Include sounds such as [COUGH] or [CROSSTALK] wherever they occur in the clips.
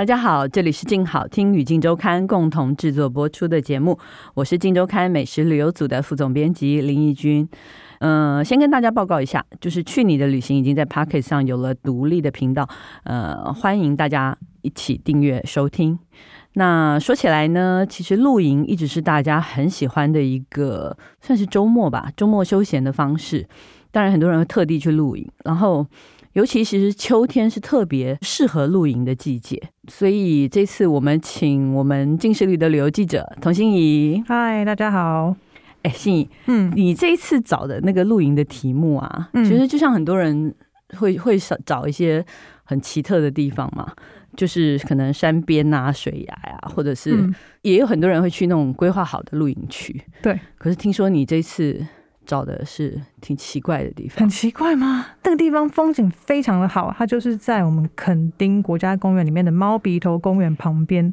大家好，這裡是靜好聽與靜周刊共同制作播出的節目，我是靜周刊美食旅遊組的副總編輯林義君。嗯、呃，先跟大家報告一下，就是去你的旅行已經在 Pocket 上有了獨立的頻道，呃，歡迎大家一起訂閱收聽。那說起來呢，其實露營一直是大家很喜歡的一個，算是周末吧，周末休閒的方式。當然，很多人會特地去露營，然後。尤其其實秋天是特別適合露營的季節，所以這次我們請我們《進食旅》的旅遊記者童心怡。嗨，大家好！哎、欸，心怡，嗯，你這一次找的那個露營的題目啊，其實、嗯、就，就像很多人會會找找一些很奇特的地方嘛，就是可能山邊啊、水崖呀、啊，或者是也有很多人會去那種規劃好的露營區。對，可是聽說你這次。找的是挺奇怪的地方，很奇怪嗎？那、這個地方風景非常的好，它就是在我們墾丁國家公園裡面的貓鼻頭公園旁邊。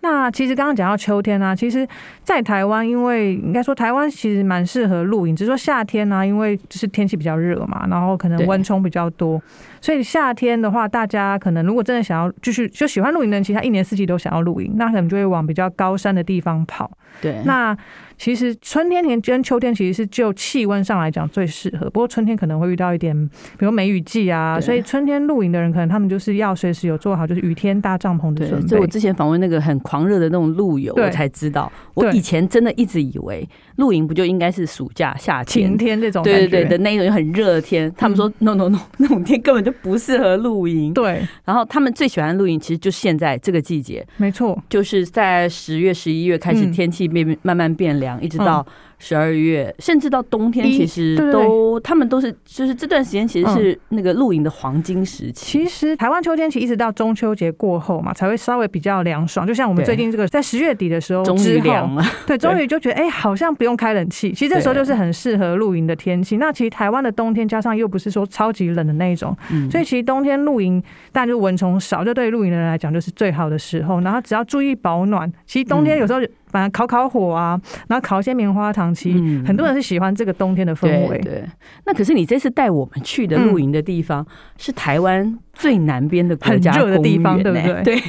那其實剛剛講到秋天啊，其實，在台灣，因為應該說台灣其實蠻適合露營，只是說夏天啊，因為就是天氣比較熱嘛，然後可能蚊蟲比較多。所以夏天的話，大家可能如果真的想要就是就喜歡露營的人，其實他一年四季都想要露營，那可能就會往比較高山的地方跑。對，那其實春天年、跟、秋天其實是就氣溫上來講最適合，不過春天可能會遇到一點，比如梅雨季啊，對所以春天露營的人可能他們就是要隨時有做好就是雨天搭帳篷的準備。就我之前訪問那個很狂熱的那種露友，對我才知道，對我以前真的一直以為露營不就應該是暑假夏天晴天這種感覺，對對對的那種很熱的天，嗯、他們說 no no no，那種天根本就 [LAUGHS] 不適合露營，對。然後他們最喜歡露營，其實就現在這個季節，沒錯，就是在十月、十一月開始，天氣慢慢變涼，一直到，十二月，甚至到冬天，其實都對對對，他們都是就是這段時間，其實是那個露營的黃金時期。嗯、其實台灣秋天其實一直到中秋節過後嘛，才會稍微比較涼爽。就像我們最近這個對在十月底的時候之後，終於涼了，之後對，終於就覺得哎對、欸，好像不用開冷氣。其實這時候就是很適合露營的天氣。對那其實台灣的冬天加上又不是說超級冷的那一種，嗯、所以其實冬天露營，但就蚊蟲少，就對露營的人來講就是最好的時候。然後只要注意保暖，其實冬天有時候、嗯。反正烤烤火啊，然後烤些棉花糖，其實、嗯、很多人是喜歡這個冬天的氛圍。對，對，那可是你這次帶我們去的露營的地方、嗯、是台灣最南邊的國家公園，很熱的地方對不對？對，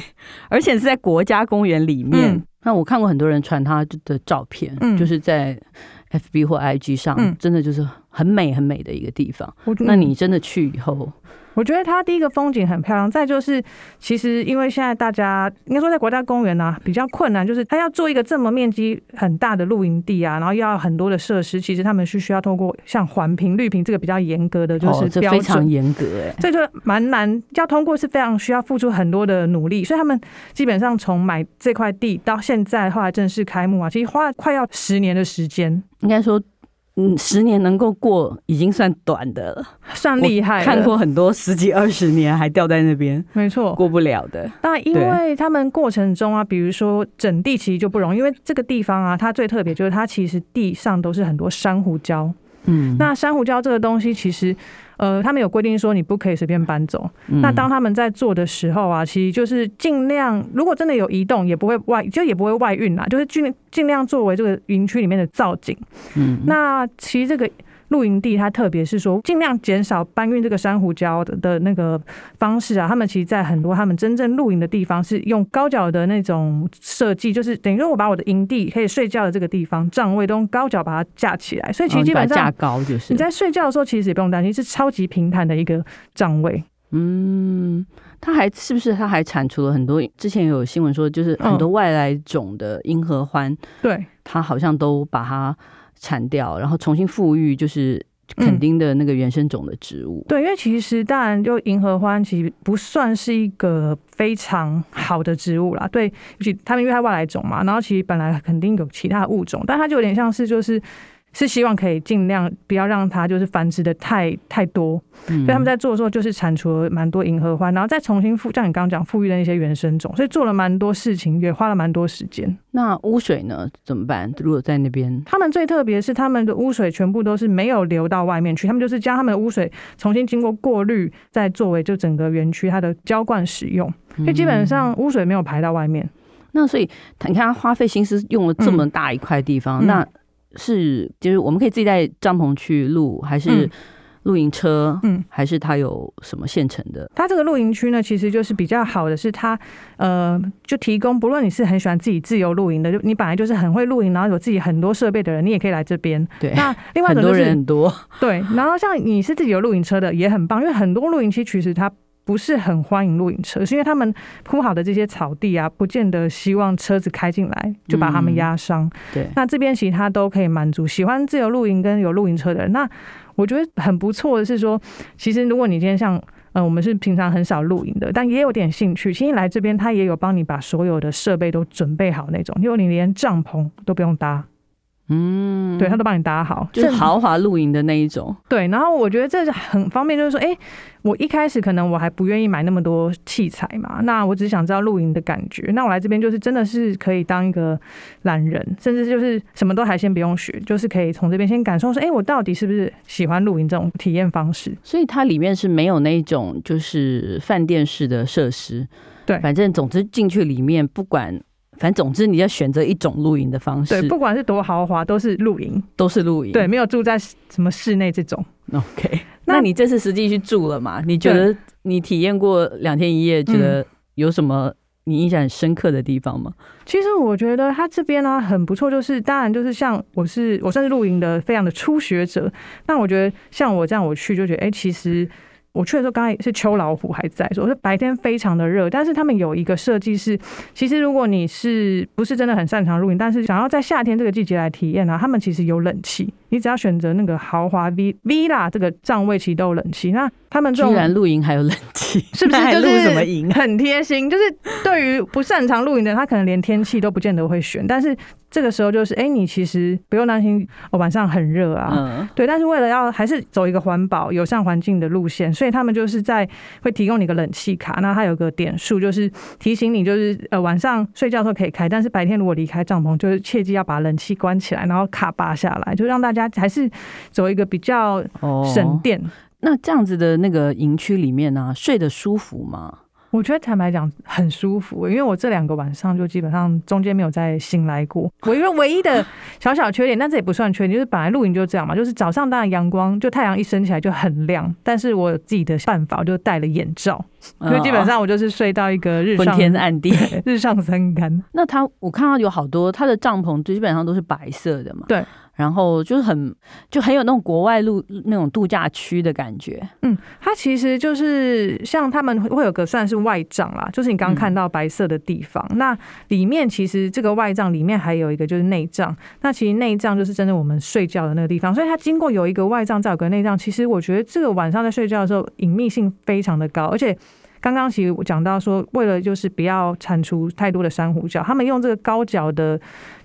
而且是在國家公園裡面。嗯、那我看過很多人傳他的照片，嗯、就是在 FB 或 IG 上，嗯、真的就是很美很美的一個地方。嗯、那你真的去以後？我覺得它第一個風景很漂亮，再就是其實因為現在大家應該說在國家公園呢、啊、比較困難，就是它要做一個這麼面積很大的露營地啊，然後要很多的設施，其實他們是需要通過像環評、綠評這個比較嚴格的就是標準、哦、非常嚴格，哎，這就蠻難要通過，是非常需要付出很多的努力，所以他們基本上從買這塊地到現在後來正式開幕啊，其實花了快要十年的時間，應該說。十年能夠過已經算短的了，算厲害。看過很多十幾二十年還掉在那邊，沒錯錯，過不了的。但因為他們過程中啊，對比如說整地其實就不容易，因為這個地方啊，它最特別就是它其實地上都是很多珊瑚礁。嗯，那珊瑚礁這個東西其實。呃，他們有規定說你不可以隨便搬走。嗯、哼那當他們在做的時候啊，其實就是盡量，如果真的有移動，也不會外，就也不會外運啦、啊，就是盡量，盡量作為這個營區裡面的造景。嗯哼，那其實這個。露營地，它特別是說盡量減少搬運這個珊瑚礁的的那個方式啊。他們其實，在很多他們真正露營的地方，是用高腳的那種設計，就是等於說，我把我的營地可以睡覺的這個地方，帳位都用高腳把它架起來。所以，其實基本上架高就是你在睡覺的時候，其實也不用擔心，是超級平坦的一個帳位。嗯，它還是不是？它還鏟除了很多，之前有新聞說，就是很多外來種的銀合歡，對、哦、它好像都把它。鏟掉，然後重新復育，就是墾丁的那個原生種的植物。嗯、對，因為其實當然，就銀合歡其實不算是一個非常好的植物啦。對，尤其且它因為它外來種嘛，然後其實本來肯定有其他物種，但它就有點像是就是。是希望可以儘量不要讓它就是繁殖的太太多，嗯、所以他們在做的時候就是鏟除了蠻多銀合歡，然後再重新復，像你剛剛講復育的一些原生種，所以做了蠻多事情，也花了蠻多時間。那污水呢怎麼辦？如果在那邊，他們最特別是他們的污水全部都是沒有流到外面去，他們就是將他們的污水重新經過過濾，再作為就整個園區它的澆灌使用，所以基本上污水沒有排到外面。嗯、那所以你看，他花費心思用了這麼大一塊地方，嗯、那。是，就是我們可以自己帶帳篷去露，還是露營車？嗯，嗯，還是它有什麼現成的？它這個露營區呢，其實就是比較好的，是它呃，就提供不論你是很喜歡自己自由露營的，就你本來就是很會露營，然後有自己很多設備的人，你也可以來這邊。對，那另外、就是、很多人很多，對。然後像你是自己有露營車的，也很棒，因為很多露營區其實它。不是很歡迎露營車，是因為他們鋪好的這些草地啊，不見得希望車子開進來就把他們壓傷。嗯。對，那這邊其實他都可以滿足喜歡自由露營跟有露營車的人。那我覺得很不錯的是說，其實如果你今天像嗯、呃，我們是平常很少露營的，但也有點興趣，其實你來這邊他也有幫你把所有的設備都準備好那種，因為你連帳篷都不用搭。嗯，對，他都幫你搭好，就是豪華露營的那一種。對，然後我覺得這是很方便，就是說，欸，我一開始可能我還不願意買那麼多器材嘛，那我只想知道露營的感覺。那我來這邊就是真的是可以當一個懶人，甚至就是什麼都還先不用學，就是可以從這邊先感受，說，欸，我到底是不是喜歡露營這種體驗方式？所以它裡面是沒有那一種就是飯店式的設施，對，反正總之進去裡面不管。反正總之，你要選擇一種露營的方式。對，不管是多豪華，都是露營，都是露營。對，沒有住在什麼室內這種。OK，那你這次實際去住了嘛？那你覺得你體驗過兩天一夜，對覺得有什麼你印象很深刻的地方嗎？其實我覺得它這邊呢、啊、很不錯，就是當然就是像我是我算是露營的非常的初學者，但我覺得像我這樣我去就覺得，哎、欸，其實。我去的時候，剛才是秋老虎還在說，所以我說白天非常的熱，但是他們有一個設計是，其實如果你是不是真的很擅長露營，但是想要在夏天這個季節來體驗呢、啊，他們其實有冷氣。你只要選擇那個豪華 Villa，這個帳位，其實都有冷氣。那他們居然露營還有冷氣，是不是就是很貼心？就是對於不擅長露營的人，他可能連天氣都不見得會選。但是這個時候就是，哎、欸，你其實不用擔心、哦，晚上很熱啊。嗯、對。但是為了要還是走一個環保、友善環境的路線，所以他們就是在會提供你個冷氣卡。那它有個點數，就是提醒你，就是呃晚上睡覺的時候可以開，但是白天如果離開帳篷，就是切記要把冷氣關起來，然後卡拔下來，就讓大家。還是走一個比較省電。Oh, 那這樣子的那個營區裡面呢、啊，睡得舒服嗎？我覺得坦白講很舒服，因為我這兩個晚上就基本上中間沒有再醒來過。我 [LAUGHS] 因為唯一的小小缺點，但這也不算缺點，就是本來露營就這樣嘛，就是早上當然陽光就太陽一升起來就很亮。但是我有自己的辦法，我就戴了眼罩，因為、oh, 基本上我就是睡到一個日上、昏天暗地，日上三竿。 [LAUGHS] 那他我看到有好多他的帳篷就基本上都是白色的嘛。對。然後就是很就很有那種國外露那種度假區的感覺。嗯，它其實就是像他們會有個算是外帳啦，就是你剛剛看到白色的地方。嗯、那裡面其實這個外帳裡面還有一個就是內帳。那其實內帳就是真的我們睡覺的那個地方。所以它經過有一個外帳再有個內帳，其實我覺得這個晚上在睡覺的時候隱秘性非常的高。而且剛剛其實我講到說，為了就是不要鏟除太多的珊瑚礁，他們用這個高腳的。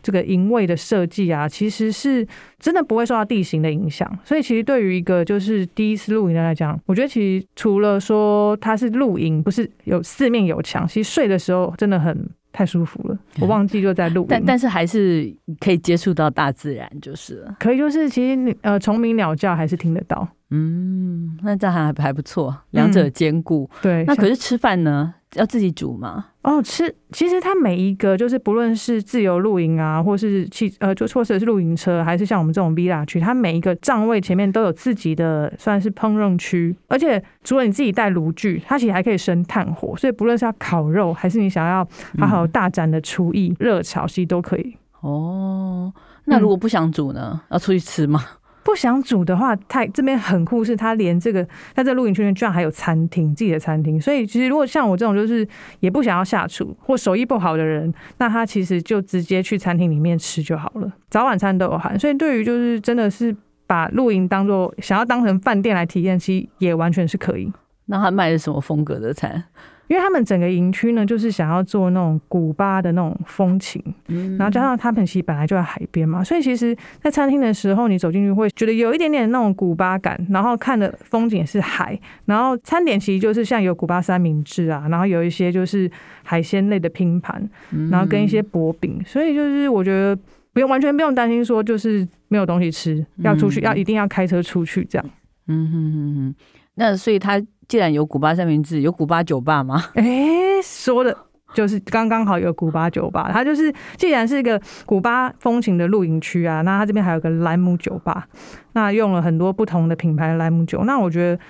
這個營位的設計啊，其實是真的不會受到地形的影響，所以其實對於一個就是第一次露營的來講，我覺得其實除了說它是露營，不是有四面有牆，其實睡的時候真的很太舒服了。我忘記就在露營，嗯、但但是還是可以接觸到大自然，就是了可以，就是其實你呃蟲鳴鳥叫還是聽得到。嗯，那這還不還不錯，兩者兼顧、嗯。對，那可是吃飯呢？要自己煮嗎？哦，吃。其實它每一個就是不論是自由露營啊，或是去，呃就錯車是露營車，還是像我們這種 villa 區，它每一個帳位前面都有自己的算是烹飪區，而且除了你自己帶爐具，它其實還可以生炭火，所以不論是要烤肉，還是你想要好好大展的廚藝熱炒，其實都可以。哦，那如果不想煮呢？要出去吃嗎？不想煮的話，太這邊很酷是，他連這個他在露營區居然還有餐廳，自己的餐廳，所以其實如果像我這種就是也不想要下廚或手藝不好的人，那他其實就直接去餐廳裡面吃就好了，早晚餐都有含。所以對於就是真的是把露營當做想要當成飯店來體驗，其實也完全是可以。那他賣的什麼風格的餐？因為他們整個營區呢，就是想要做那種古巴的那種風情，嗯、然後加上他們其實本來就在海邊嘛，所以其實，在餐廳的時候你走進去會覺得有一點點那種古巴感，然後看的風景也是海，然後餐點其實就是像有古巴三明治啊，然後有一些就是海鮮類的拼盤，嗯、然後跟一些薄餅，所以就是我覺得不用完全不用擔心說就是沒有東西吃，要出去、嗯、要一定要開車出去這樣。嗯哼哼哼，那所以他。既然有古巴三明治，有古巴酒吧嗎？誒、欸，說的就是剛剛好有古巴酒吧。它就是既然是一個古巴風情的露營區啊，那它這邊還有個蘭姆酒吧，那用了很多不同的品牌蘭姆酒。那我覺得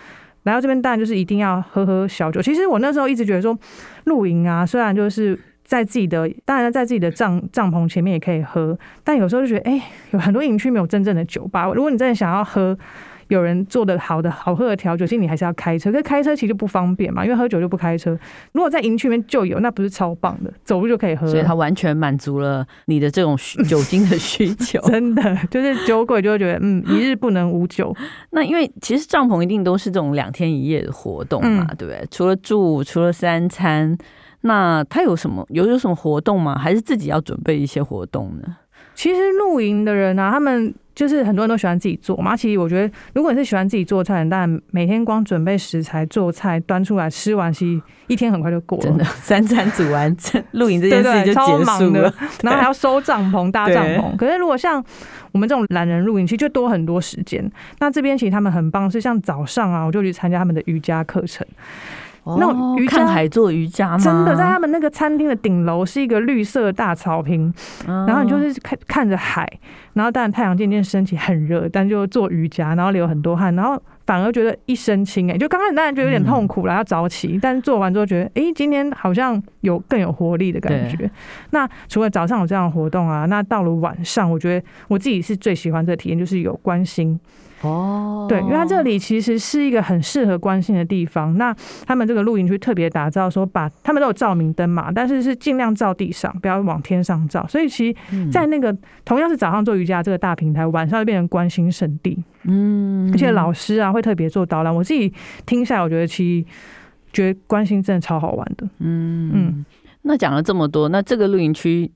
來到這邊，當然就是一定要喝喝小酒。其實我那時候一直覺得說，露營啊，雖然就是在自己的，當然在自己的帳帳篷前面也可以喝，但有時候就覺得，哎、欸，有很多營區沒有真正的酒吧。如果你真的想要喝，有人做的好的好喝的調酒，其實你還是要開車，可是開車其實不方便嘛，因為喝酒就不開車。如果在營區裡面就有，那不是超棒的，走路就可以喝。所以他完全滿足了你的這種酒精的需求， [LAUGHS] 真的就是酒鬼就會覺得， [LAUGHS] 嗯，一日不能無酒。那因為其實帳篷一定都是這種兩天一夜的活動嘛，嗯、對不對？除了住，除了三餐，那他有什麼有有什麼活動嗎？還是自己要準備一些活動呢？其實露營的人啊，他們。就是很多人都喜歡自己做嘛，啊、其實我覺得，如果你是喜歡自己做菜，但每天光準備食材、做菜、端出來吃完，其實一天很快就過了。真的，三餐煮完、露營這件事就結束了，然後還要收帳篷、搭帳篷。對可是如果像我們這種懶人露營，其實就多很多時間。那這邊其實他們很棒，是像早上啊，我就去參加他們的瑜伽課程。那種瑜伽，看海做瑜伽，真的在他們那個餐廳的頂樓，是一個綠色的大草坪，哦、然後你就是看看着海，然後但太陽漸漸升起，很熱，但就做瑜伽，然後流很多汗，然後反而覺得一身輕哎、欸，就剛開始當然覺得有點痛苦了，嗯、要早起，但做完之後覺得，哎、欸，今天好像有更有活力的感覺。對、那除了早上有這樣的活動啊，那到了晚上，我覺得我自己是最喜歡這個體驗，就是有關心。哦，對，因為它這裡其實是一個很適合觀星的地方。那他們這個露營區特別打造，說把他們都有照明燈嘛，但是是盡量照地上，不要往天上照。所以其實在那個、嗯、同樣是早上做瑜伽這個大平台，晚上就變成觀星聖地。嗯，而且老師啊會特別做導覽。我自己聽下來，我覺得其實覺得觀星真的超好玩的。嗯嗯，那講了這麼多，那這個露營區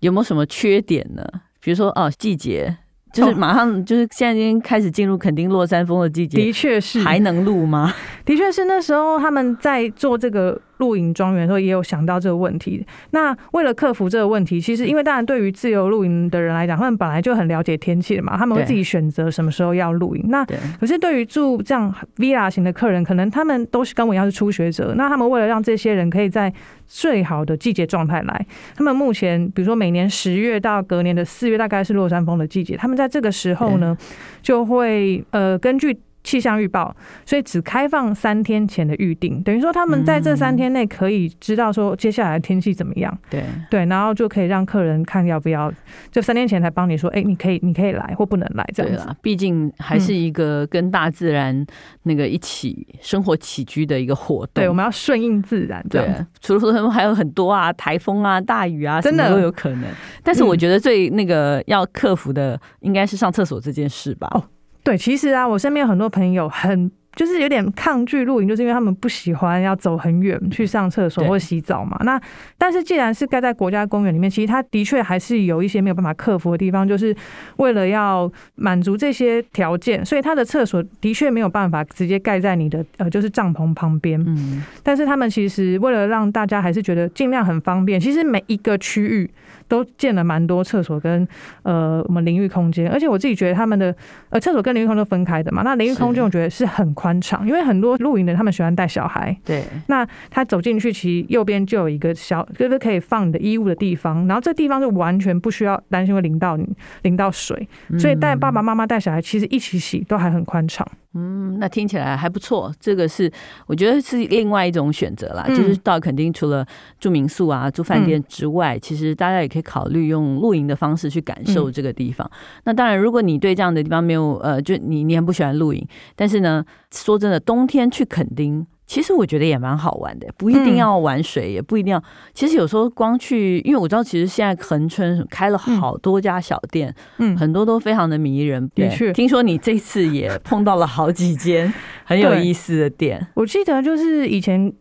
有沒有什麼缺點呢？比如說啊、哦，季節。就是馬上，就是現在已經開始進入墾丁落山風的季節。的確確是，還能錄嗎？ [LAUGHS] 的確是那時候他們在做這個。露營莊園的時候也有想到這個問題。那為了克服這個問題，其實因為當然對於自由露營的人來講，他們本來就很了解天氣的嘛，他們會自己選擇什麼時候要露營。那可是對於住這樣 villa 型的客人，可能他們都是跟我一樣是初學者。那他們為了讓這些人可以在最好的季節狀態來，他們目前比如說每年十月到隔年的四月大概是落山風的季節，他們在這個時候呢就會呃根據，氣象預報，所以只開放三天前的預定。等於說他們在這三天內可以知道說接下來的天氣怎麼樣。嗯、對對，然後就可以讓客人看要不要，就三天前才幫你說，哎，你可以，你可以來或不能來這樣子。對，畢竟還是一個跟大自然那個一起生活起居的一個活動。嗯、對，我們要順應自然這樣。對，除了說還有很多啊，颱風啊、大雨啊，真的都有可能。嗯、但是我覺得最那個要克服的應該是上廁所這件事吧。哦。對，其實啊，我身邊有很多朋友很就是有點抗拒露營，就是因為他們不喜歡要走很遠去上廁所或洗澡嘛。對那但是既然是蓋在國家公園裡面，其實他的確還是有一些沒有辦法克服的地方。就是為了要滿足這些條件，所以他的廁所的確沒有辦法直接蓋在你的呃就是帳篷旁邊。嗯，但是他們其實為了讓大家還是覺得儘量很方便，其實每一個區域都建了蠻多廁所跟呃我們淋浴空間。而且我自己覺得他們的呃廁所跟淋浴空間都分開的嘛。那淋浴空間我覺得是很寬寬敞，因為很多露營的他們喜歡帶小孩，對，那他走進去，其實右邊就有一個小，就是可以放你的衣物的地方，然後這地方就完全不需要擔心會淋到你，淋到水，所以帶爸爸媽媽帶小孩其實一起洗都還很寬敞。嗯，那聽起來還不錯。這個是我覺得是另外一種選擇啦，嗯、就是到墾丁除了住民宿啊、住飯店之外，嗯、其實大家也可以考慮用露營的方式去感受這個地方。嗯、那當然，如果你對這樣的地方沒有呃，就你你很不喜歡露營，但是呢，說真的，冬天去墾丁。其實我覺得也蠻好玩的，不一定要玩水，也不一定要。其實有時候光去，因為我知道，其實現在恆春開了好多家小店，嗯，很多都非常的迷人。你去聽說你這次也碰到了好幾間很有意思的店。我記得就是以前，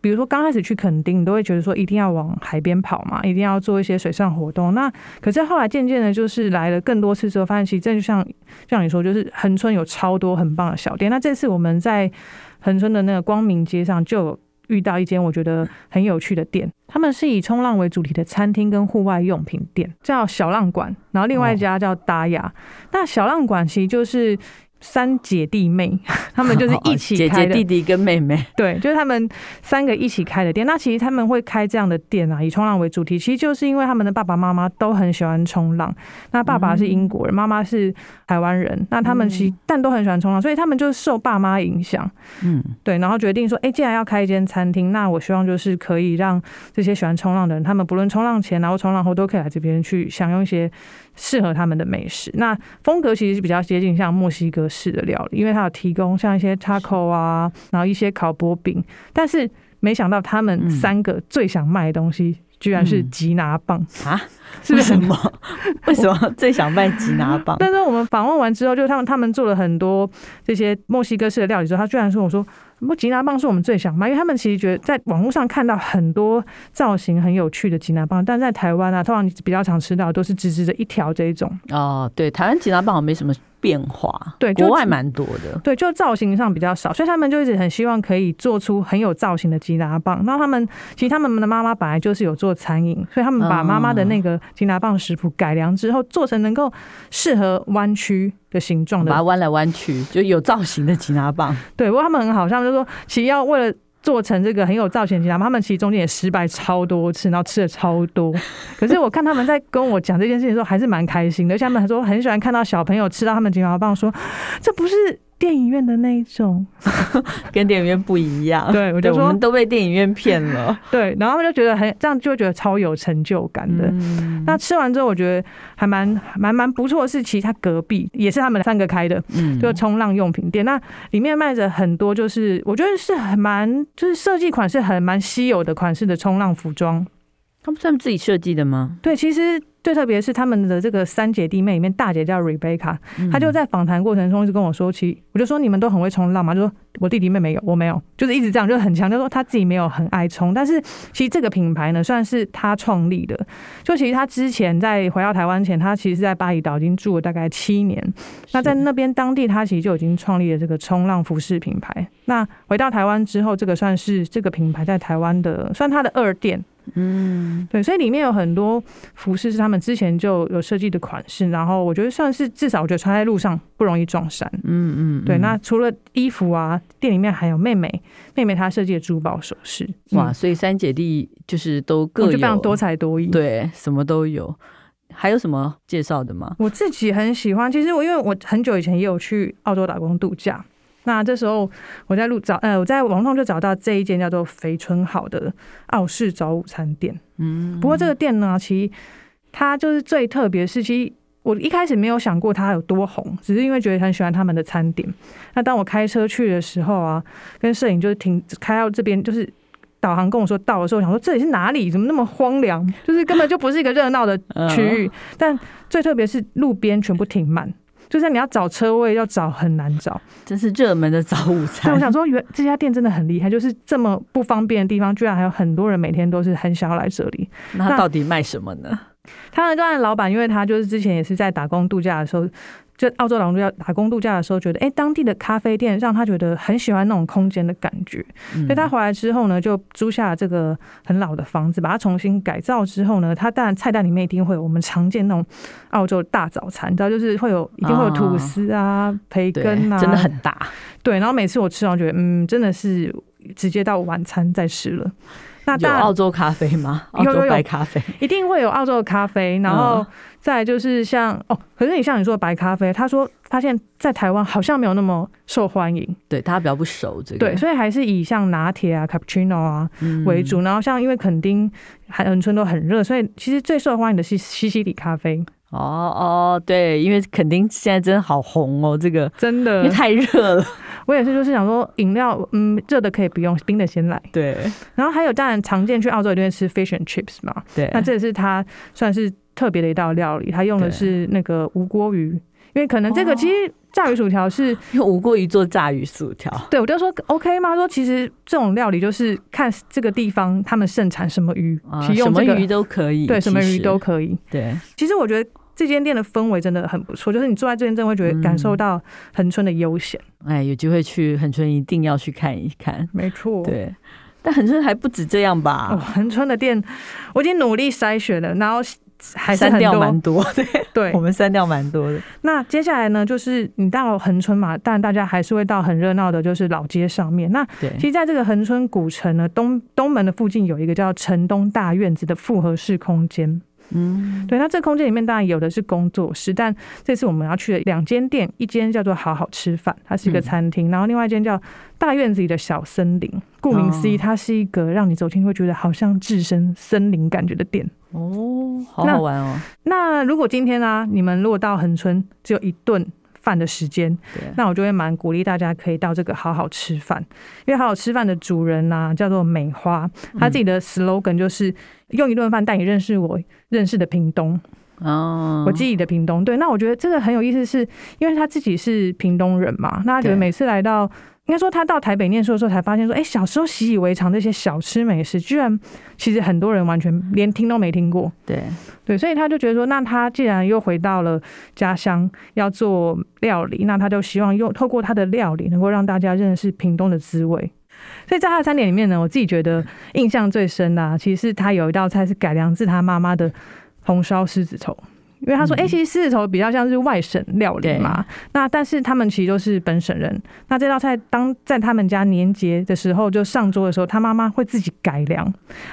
比如說剛開始去墾丁，你都會覺得說一定要往海邊跑嘛，一定要做一些水上活動。那可是後來漸漸的，就是來了更多次之後，發現其實這就像像你說，就是恆春有超多很棒的小店。那這次我們在。恆春的那個光明街上就有遇到一間我覺得很有趣的店，他們是以衝浪為主題的餐廳跟戶外用品店，叫小浪館，然後另外一家叫達雅、哦。那小浪館其實就是。三姐弟妹，他們就是一起開的。哦、姐姐、弟弟跟妹妹，對，就是他們三個一起開的店。那其實他們會開這樣的店啊，以衝浪為主題，其實就是因為他們的爸爸媽媽都很喜歡衝浪。那爸爸是英國人，媽媽、嗯、是台灣人，那他們其實、嗯、但都很喜歡衝浪，所以他們就受爸媽影響，嗯，對，然後決定說，哎、欸，既然要開一間餐廳，那我希望就是可以讓這些喜歡衝浪的人，他們不論衝浪前然後衝浪後都可以來這邊去享用一些。適合他們的美食，那風格其實是比較接近像墨西哥式的料理，因為他有提供像一些 taco 啊，然後一些烤薄餅。但是沒想到他們三個最想賣的東西，居然是吉拿棒。嗯。啊！是什麼？是不是？為什麼最想賣吉拿棒？ [LAUGHS] [LAUGHS] 但是我們訪問完之後，就他們他們做了很多這些墨西哥式的料理之後，他居然說我說。不，吉拿棒是我們最想買，因為他們其實覺得在網絡上看到很多造型很有趣的吉拿棒，但在台灣啊，通常比較常吃到都是直直的一條這一種。哦，對，台灣吉拿棒好像沒什麼變化。對，國外蠻多的。對，就造型上比較少，所以他們就一直很希望可以做出很有造型的吉拿棒。那他們其實他們的媽媽本來就是有做餐飲，所以他們把媽媽的那個吉拿棒食譜改良之後，嗯、做成能夠適合彎曲的形狀的，把它彎來彎去，就有造型的吉拿棒。對，不過他們很好像就是說，其實要為了做成這個很有造型的吉拿棒，他們其實中間也失敗超多次，然後吃了超多。可是我看他們在跟我講這件事情的時候，還是蠻開心的。 [LAUGHS] 而且他們還說很喜歡看到小朋友吃到他們吉拿棒，說這不是，電影院的那一種， [LAUGHS] 跟電影院不一樣。 [LAUGHS] 對，我就說都被電影院騙了。對，然後他們就覺得很這樣，就會覺得超有成就感的。嗯、那吃完之後，我覺得還蠻蠻蠻不錯。是其他隔壁也是他們三個開的，就衝浪用品店。嗯、那裡面賣着很多，就是我覺得是很蠻，就是設計款式很蠻稀有的款式的衝浪服裝。他們自己設計的嗎？對，其實最特別是他們的這個三姐弟妹裡面，大姐叫 Rebecca，、嗯、她就在訪談過程中一直跟我說：“其實。”我就說：“你們都很會衝浪嘛？”就說我弟弟妹妹有，我沒有，就是一直這樣，就很強調說他自己沒有很愛衝。但是其實這個品牌呢，算是他創立的。就其實他之前在回到台灣前，他其實是在巴厘島已經住了大概七年。是那在那邊當地，他其實就已經創立了這個衝浪服飾品牌。那回到台灣之後，這個算是這個品牌在台灣的，算他的二店。嗯，對，所以裡面有很多服飾是他們之前就有設計的款式，然後我覺得算是至少我覺得穿在路上不容易撞衫。嗯。嗯嗯，對。那除了衣服啊，店裡面還有妹妹，妹妹她設計的珠寶首飾。哇，嗯，所以三姐弟就是都各有，我就非常多才多藝，對，什麼都有。還有什麼介紹的嗎？我自己很喜歡，其實我因為我很久以前也有去澳洲打工度假。那這時候我在路找，呃，我在網上就找到這一間叫做“肥春好”的澳式早午餐店。嗯，不過這個店呢，其實它就是最特別。是，其實我一開始沒有想過它有多紅，只是因為覺得很喜歡他們的餐點。那當我開車去的時候啊，跟攝影就是停，開到這邊，就是導航跟我說到的時候，我想說這裡是哪裡？怎麼那麼荒涼？就是根本就不是一個熱鬧的區域。 [LAUGHS] 但最特別是路邊全部停滿。就是你要找車位，要找很難找，真是熱門的早午餐。我想說，原來這家店真的很厲害，就是這麼不方便的地方，居然還有很多人每天都是很想要來這裡。那到底賣什麼呢？那他那段老闆，因為他就是之前也是在打工度假的時候。就澳洲朗度要打工度假的時候，覺得哎、欸，當地的咖啡店讓他覺得很喜歡那種空間的感覺，嗯、所以他回來之後呢，就租下了這個很老的房子，把它重新改造之後呢，他當然菜單裡面一定會有我們常見那種澳洲大早餐，你知道，就是會有一定會有吐司啊、啊培根啊，真的很大，對。然後每次我吃完覺得，嗯，真的是直接到晚餐再吃了。那有澳洲咖啡嗎？澳洲白咖啡有有，一定會有澳洲的咖啡。然後。嗯再就是像哦，可是你像你說的白咖啡，他說發現在台灣好像沒有那麼受歡迎，對，大家比較不熟這個，對，所以還是以像拿鐵啊、cappuccino 啊為主。嗯、然後像因為墾丁恆春都很熱，所以其實最受歡迎的是西西里咖啡。哦哦，對，因為墾丁現在真的好紅哦，這個真的你太熱了。我也是，就是想說飲料，嗯，熱的可以不用，冰的先來。對。然後還有當然常見去澳洲一定會吃 fish and chips 嘛。對。那這也是他算是。特別的一道料理，他用的是那個吳郭魚。對因為可能這個其實炸魚薯條是，哦、用吳郭魚做炸魚薯條。對，我就說 OK 嘛，說其實這種料理就是看這個地方他們盛產什麼魚，用什麼魚都可以，對，實什麼魚都可以。對，其實我覺得這間店的氛圍真的很不錯，就是你坐在這間店會覺得感受到恆春的悠閒。哎，嗯，有機會去恆春，一定要去看一看，沒錯錯。對，但恆春還不止這樣吧？哦，恆春的店我已經努力篩選了，然後。還是很多刪掉蠻多的，對， [LAUGHS] 我們刪掉蠻多的。 [LAUGHS] 那接下來呢，就是你到恆春嘛，但大家還是會到很熱鬧的，就是老街上面。那對，其實在這個恆春古城呢，東東門的附近有一個叫城東大院子的複合式空間。嗯，對，那這個空間裡面當然有的是工作室，但這次我們要去的兩間店，一間叫做“好好吃飯”，它是一個餐廳，嗯、然後另外一間叫“大院子裡的小森林”。顧名思義，它是一個讓你走進會覺得好像置身森林感覺的店。哦，好好玩哦！那，那如果今天呢、啊，你們如果到恆春只有一頓飯的時間，對那我就會蠻鼓勵大家可以到這個“好好吃飯”，因為“好好吃飯”的主人呢、啊、叫做美花，他自己的 slogan 就是，嗯用一頓飯帶你認識我認識的屏東，哦，oh. 我記憶的屏東。對，那我覺得這個很有意思是，是因為他自己是屏東人嘛。那他覺得每次來到，對應該說他到台北念書的時候才發現說，說、欸、誒，小時候習以為常這些小吃美食，居然其實很多人完全連聽都沒聽過。對，對，所以他就覺得說，那他既然又回到了家鄉要做料理，那他就希望用透過他的料理能夠讓大家認識屏東的滋味。所以在他的餐點裡面呢，我自己覺得印象最深的，啊，其實是他有一道菜是改良自他媽媽的紅燒獅子頭，因為他說，哎、嗯，其實獅子頭比較像是外省料理嘛，對那但是他們其實都是本省人，那這道菜當在他們家年節的時候就上桌的時候，他媽媽會自己改良，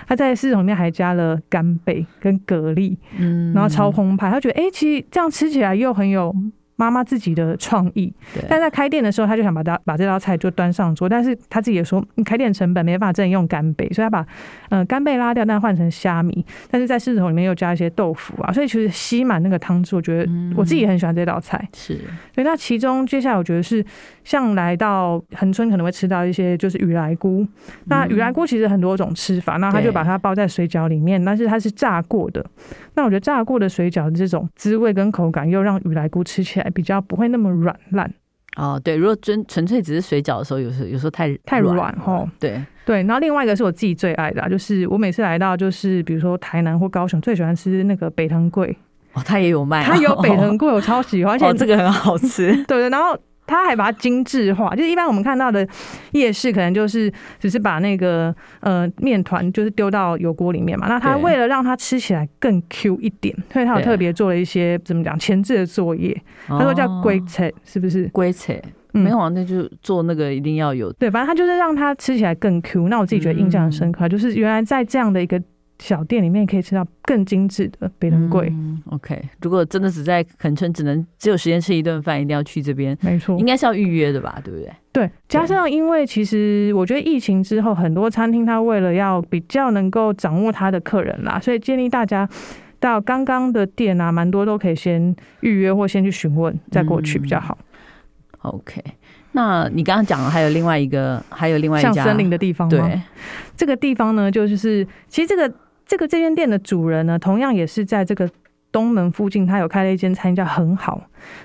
他在獅子頭裡面還加了乾貝跟蛤蜊，嗯，然後超澎湃，他覺得，哎、欸，其實這樣吃起來又很有。媽媽自己的創意，但在開店的時候，他就想把它把這道菜就端上桌。但是他自己也說，開店成本沒辦法真的用乾貝，所以他把嗯、呃、干貝拉掉，但換成蝦米。但是在獅子頭裡面又加一些豆腐啊，所以其實吸滿那個湯汁，我覺得我自己也很喜歡這道菜。嗯、是所以那其中接下來我覺得是像來到恆春可能會吃到一些就是雨來菇。嗯、那雨來菇其實很多種吃法，那他就把它包在水餃裡面，對但是它是炸過的。那我覺得炸過的水餃的這種滋味跟口感，又讓雨來菇吃起來。還比較不會那麼軟爛哦，對。如果純純粹只是水餃的時候，有時候有時候太軟太軟齁，對對。然後另外一個是我自己最愛的，就是我每次來到就是比如說台南或高雄，最喜歡吃那個白糖粿，哦，他也有賣、啊，他有白糖粿，我超喜歡，哦、而且、哦哦、這個很好吃， [LAUGHS] 對，然後。他還把它精致化，就是一般我們看到的夜市，可能就是只是把那個呃麵團就是丟到油鍋裡面嘛。那他為了讓它吃起來更 Q 一點，對所以他有特別做了一些對怎麼講前置的作業。他、哦、說叫粿粹，是不是？粿粹柴、嗯、沒有啊，那就做那個一定要有。對，反正他就是讓它吃起來更 Q。那我自己覺得印象很深刻，嗯、就是原來在這樣的一個。小店裡面可以吃到更精緻的，比人貴。OK，如果真的只在恆春，只能只有時間吃一頓飯，一定要去這邊。沒錯錯，應該是要預約的吧？對不對？對，加上因為其實我覺得疫情之後，很多餐廳他為了要比較能夠掌握他的客人啦，所以建議大家到剛剛的店啊，蠻多都可以先預約或先去詢問，再過去比較好。嗯、OK，那你剛剛講了，還有另外一個，還有另外一家森林的地方。對，這個地方呢，就是其實這個。這個這間店的主人呢，同樣也是在這個東門附近，他有開了一間餐廳叫很好。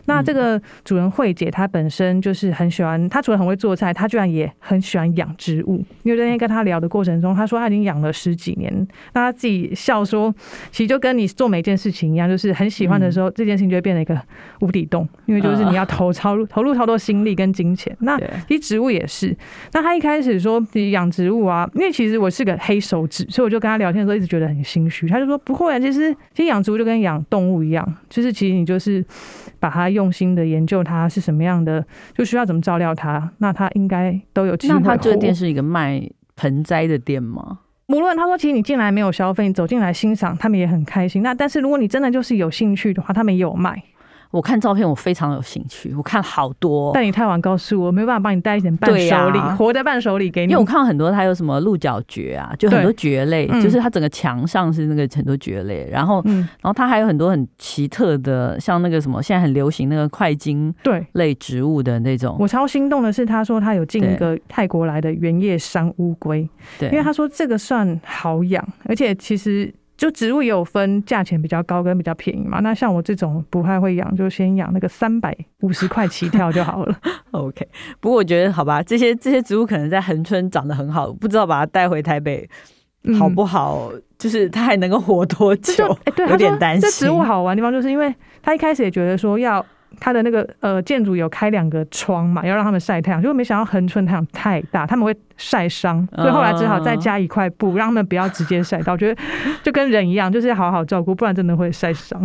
那這個主人慧姐，她本身就是很喜歡，她除了很會做菜，她居然也很喜歡養植物。因為那天跟她聊的過程中，她說她已經養了十幾年。那她自己笑說，其實就跟你做每一件事情一樣，就是很喜歡的時候，這件事情就會變得一個無底洞，因為就是你要投超入投入超多心力跟金錢。那其實植物也是。那她一開始說養植物啊，因為其實我是個黑手指，所以我就跟她聊天的時候一直覺得很心虛。她就說不會啊，其實其實養植物就跟養動物一樣，就是其實你就是把。他用心的研究，它是什麼樣的，就需要怎麼照料它。那他應該都有。其實他這個店是一個賣盆栽的店嗎？無論他說，其實你進來沒有消費，你走進來欣賞，他們也很開心。那但是如果你真的就是有興趣的話，他們也有賣。我看照片，我非常有興趣。我看好多，但你太晚告訴我，我沒有辦法幫你帶一點伴手禮，啊、活在伴手禮給你。因為我看了很多，他有什麼鹿角蕨啊，就很多蕨類，對就是它整個牆上是那個很多蕨類。嗯、然後，然後他還有很多很奇特的，像那個什麼，現在很流行那個塊莖對類植物的那種。我超心動的是，他說他有進一個泰國來的原葉山烏龜，對，因為他說這個算好養，而且其實。就植物也有分價錢比較高跟比較便宜嘛，那像我這種不太會養，就先養那個三百五十塊起跳就好了。 [LAUGHS] OK，不過我覺得好吧，這些這些植物可能在恆春長得很好，不知道把它帶回台北、嗯、好不好，就是它還能夠活多久？哎、欸，對，有點擔心。這植物好玩的地方就是因為他一開始也覺得說要。他的那個呃、建築有開兩個窗嘛，要讓他們曬太陽。結果沒想到恆春太陽太大，他們會曬傷，所以後來只好再加一塊布，嗯、讓他們不要直接曬到。覺得 [LAUGHS] 就、就跟人一樣，就是要好好照顧，不然真的會曬傷。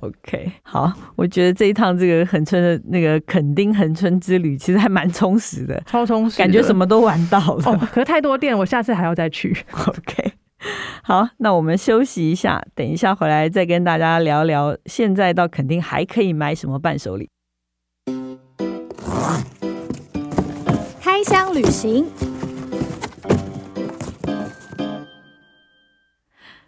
OK，好，我覺得這一趟這個恆春的那個墾丁恆春之旅其實還蠻充實的，超充實，感覺什麼都玩到了。哦，可是太多店，我下次還要再去。OK。好，那我們休息一下，等一下回來再跟大家聊聊。現在到墾丁還可以買什麼伴手禮？開箱旅行。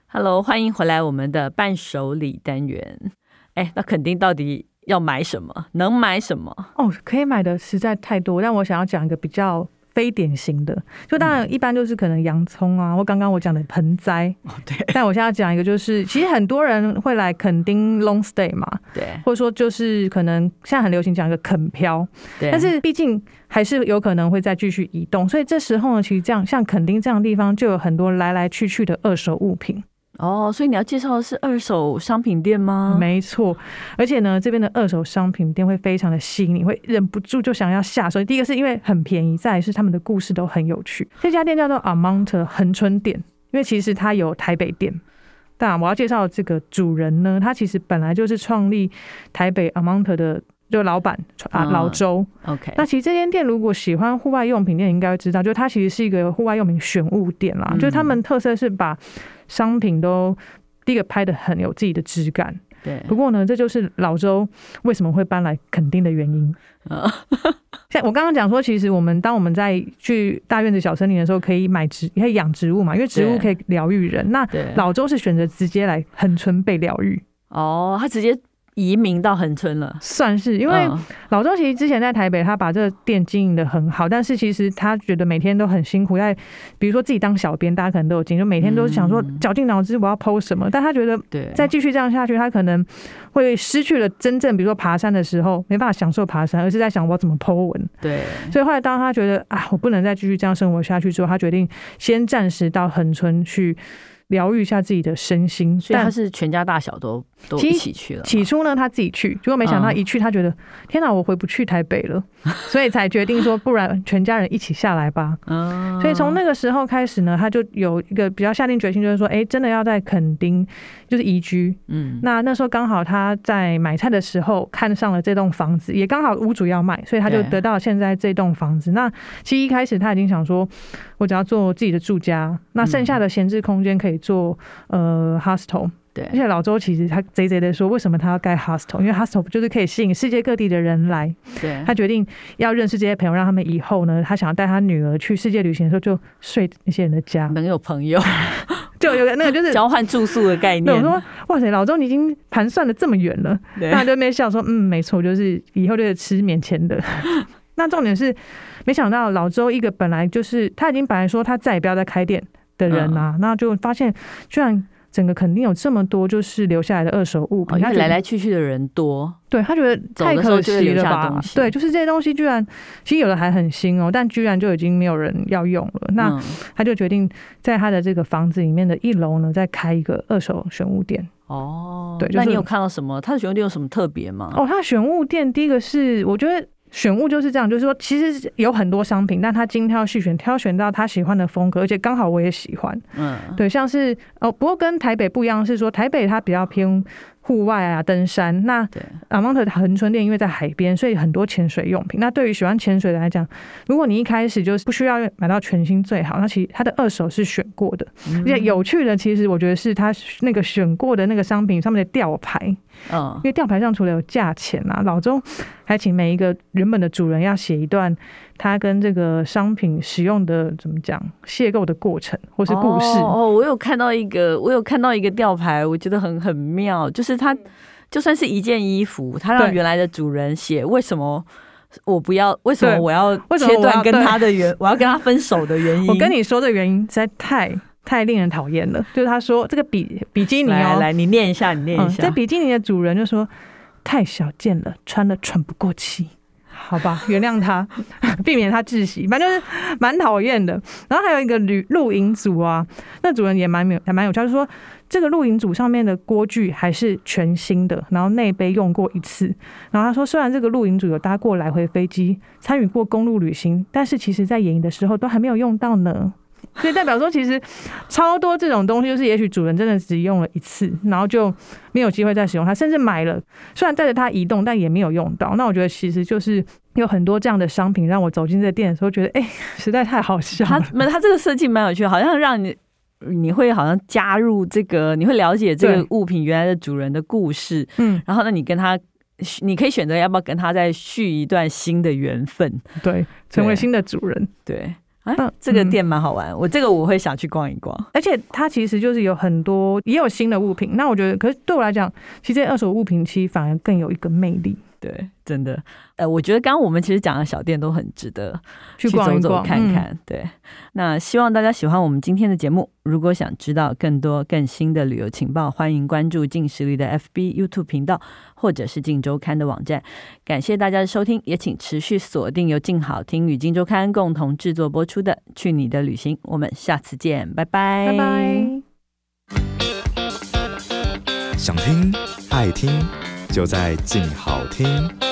Hello，歡迎回來我們的伴手禮單元。哎，那墾丁到底要買什麼？能買什麼？哦，oh, 可以買的實在太多，但我想要講一個比較，非典型的，就當然一般就是可能洋蔥啊，或剛剛我講的盆栽。嗯。但我現在要講一個，就是其實很多人會來墾丁 long stay 嘛，對。或者說就是可能現在很流行講一個墾漂，對但是畢竟還是有可能會再繼續移動，所以這時候呢，其實這樣像墾丁這樣的地方，就有很多來來去去的二手物品。哦，oh, 所以你要介紹的是二手商品店嗎？沒錯，而且呢，這邊的二手商品店會非常的吸引你，你會忍不住就想要下手。第一個是因為很便宜，再是他們的故事都很有趣。這家店叫做 Amount 恆春店，因為其實它有台北店。但我要介紹的這個主人呢，他其實本來就是創立台北 Amount 的。就老闆啊，老周、uh，OK。那其實這間店，如果喜歡戶外用品店，應該會知道，就它其實是一個戶外用品選物店啦。嗯、就他們特色是把商品都第一個拍的很有自己的質感。對。不過呢，這就是老周為什麼會搬來墾丁的原因。Uh, [LAUGHS] 像我剛剛講說，其實我們當我們在去大院子小森林的時候，可以買植，可以養植物嘛，因為植物可以療癒人。對那老周是選擇直接來恆春被療癒。哦，oh, 他直接。移民到恆春了，算是因為老周其實之前在台北，他把這個店經營的很好，嗯、但是其實他覺得每天都很辛苦。在比如說自己當小編，大家可能都有經就每天都是想說絞盡腦汁，我要 PO 什麼，但他覺得對，再繼續這樣下去，他可能會失去了真正，比如說爬山的時候沒辦法享受爬山，而是在想我怎麼 PO 文。對，所以後來當他覺得啊，我不能再繼續這樣生活下去之後，他決定先暫時到恆春去。療癒一下自己的身心，所以他是全家大小都都一起去了。起初呢，他自己去，結果沒想到一去，他覺得天哪，我回不去台北了，所以才決定說，不然全家人一起下來吧。所以從那個時候開始呢，他就有一個比較下定決心，就是說，哎，真的要在墾丁就是移居。嗯，那那時候剛好他在買菜的時候看上了這棟房子，也剛好屋主要賣，所以他就得到現在這棟房子。那其實一開始他已經想說，我只要做自己的住家，那剩下的閒置空間可以做呃 hostel，對，而且老周其實他賊賊的說，為什麼他要蓋 hostel？因為 hostel 就是可以吸引世界各地的人來，對，他決定要認識這些朋友，讓他們以後呢，他想要帶他女兒去世界旅行的時候，就睡那些人的家，能有朋友， [LAUGHS] 就有個那個就是 [LAUGHS] 交換住宿的概念。我說哇塞，老周你已經盤算的這麼遠了，對他就在那邊笑說，嗯，沒錯，就是以後就是吃免錢的。 [LAUGHS] [LAUGHS] 那重點是，沒想到老周一個本來就是他已經本來說他再也不要再開店。的人吶、啊，那就發現，居然整個墾丁有這麼多，就是留下來的二手物品。他、哦、來來去去的人多，對他覺得太可惜了吧。對，就是這些東西居然，其實有的還很新哦，但居然就已經沒有人要用了。那他就決定在他的這個房子裡面的一樓呢，再開一個二手選物店。哦，對，就是、那你有看到什麼？他的選物店有什麼特別嗎？哦，他的選物店第一個是，我覺得。選物就是這樣，就是說，其實有很多商品，但他精挑細選，挑選到他喜歡的風格，而且剛好我也喜歡，嗯，對，像是哦，不過跟台北不一樣，是說台北他比較偏。戶外啊，登山，那阿蒙特恆春店，因為在海邊，所以很多潛水用品。那對於喜歡潛水的來講，如果你一開始就是不需要買到全新最好，那其實它的二手是選過的。嗯、而且有趣的，其實我覺得是它那個選過的那個商品上面的吊牌，嗯，因為吊牌上除了有價錢啊，老周還請每一個原本的主人要寫一段。他跟這個商品使用的怎麼講，邂逅的過程或是故事。哦，oh, oh, 我有看到一個，我有看到一個吊牌，我覺得很很妙，就是它就算是一件衣服，它讓原來的主人寫對為什麼我不要，為什麼我要切斷跟他的原，對我，要我要跟他分手的原因。 [LAUGHS] 我跟你說的原因實在太太令人討厭了，就是他說這個比比基尼、哦、來來你念一下，你念一下，這、嗯、比基尼的主人就說太小件了，穿的喘不過氣。好吧，原諒他呵呵，避免他窒息，反正就是蠻討厭的。然後還有一個旅露營組啊，那主人也蠻有，也蠻有趣，他就說這個露營組上面的鍋具還是全新的，然後那杯用過一次。然後他說，雖然這個露營組有搭過來回飛機，參與過公路旅行，但是其實在演繹的時候都還沒有用到呢。所以代表說，其實超多這種東西，就是也許主人真的只用了一次，然後就沒有機會再使用它，甚至買了，雖然帶着它移動，但也沒有用到。那我覺得其實就是有很多這樣的商品，讓我走進這個店的時候覺得，哎、欸，實在太好笑了。它他這個設計蠻有趣，好像讓你你會好像加入這個，你會了解這個物品對原來的主人的故事。嗯，然後那你跟他，你可以選擇要不要跟他再續一段新的緣分，對，成爲新的主人，對。對啊，欸、這個店蠻好玩，我這個我會想去逛一逛，嗯、而且它其實就是有很多也有新的物品。那我覺得，可是對我來講，其實這二手物品其實反而更有一個魅力。對，真的，呃，我覺得剛剛我們其實講的小店都很值得去走走看看。逛逛，嗯，對，那希望大家喜歡我們今天的節目。如果想知道更多更新的旅遊情報，歡迎關注鏡食旅》的 FB、YouTube 頻道，或者是鏡週刊的網站。感謝大家的收聽，也請持續鎖定由鏡好聽與鏡週刊共同製作播出的《去你的旅行》。我們下次見，拜拜，拜拜。想聽，愛聽就在靜好聽。